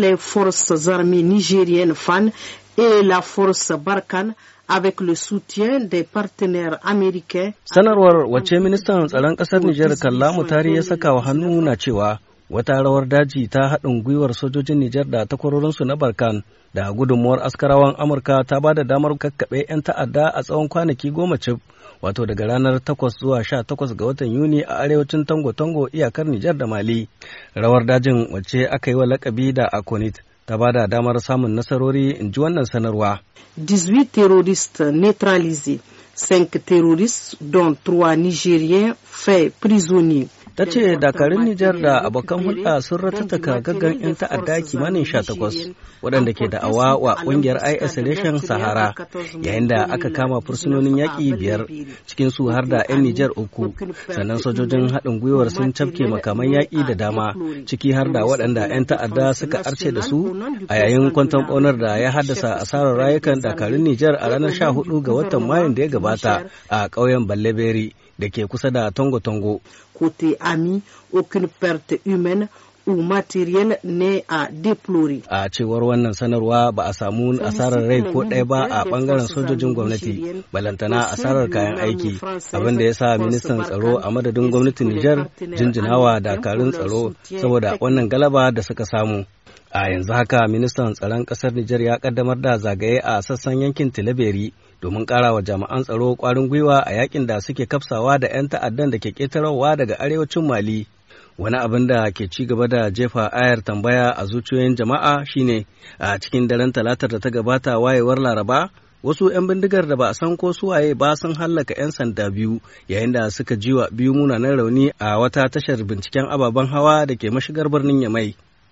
les forces armées nigériennes FAN et la force Barkan avec le soutien des partenaires américains. Sanarwar wace ministan tsaron ƙasar Nijar Kalla tari ya saka wa hannu na cewa wata rawar daji ta haɗin gwiwar sojojin Nijar da takwarorinsu na Barkan da gudunmuwar askarawan Amurka ta ba da damar kakkaɓe 'yan ta'adda a tsawon kwanaki goma cib. wato daga ranar 8 zuwa 18 ga watan Yuni a arewacin Tango-Tango iyakar Nijar da Mali. Rawar dajin wacce aka yi wa lakabi da Akonit ta ba da damar samun nasarori in ji wannan sanarwa. 18 terrorist neutralisés, 5 terroristes dont 3 Nigériens faits prisonniers. ta ce dakarun Nijar da abokan hulɗa sun ratattaka gaggan 'yan ta'adda kimanin 18 waɗanda ke da'awa wa ƙungiyar IS Sahara yayin da aka kama fursunonin yaƙi biyar cikinsu har da 'yan Nijar uku sannan sojojin haɗin gwiwar sun cafke makaman yaƙi da dama ciki har da waɗanda 'yan ta'adda suka arce da su a yayin kwanton ƙaunar da ya haddasa asarar rayukan dakarun Nijar a ranar 14 ga watan Mayun da ya gabata a ƙauyen Balleberi da ke kusa da Tongo-Tongo côté ami, aucune perte humaine ou ne a déplorer. A cewar wannan sanarwa ba a samu asarar rai ko ɗaya ba a ɓangaren sojojin gwamnati, balantana asarar kayan aiki, abin da ya sa ministan tsaro a madadin gwamnatin Nijar jinjinawa dakarun tsaro saboda wannan galaba da suka samu. A yanzu haka ministan tsaron ƙasar Nijar ya ƙaddamar da zagaye a sassan yankin Tilaberi domin wa jami'an tsaro ƙwarin gwiwa a yakin da suke kafsawa da 'yan ta'addan da ke ƙetarowa daga arewacin Mali. Wani abin da ke ci gaba da jefa ayar tambaya a zuciyoyin jama'a shine a cikin daren talatar da ta gabata wayewar Laraba wasu 'yan bindigar da ba a san ko suwaye ba sun hallaka 'yan sanda biyu yayin da suka jiwa biyu munanan rauni a wata tashar binciken ababen hawa da ke mashigar birnin Yamai.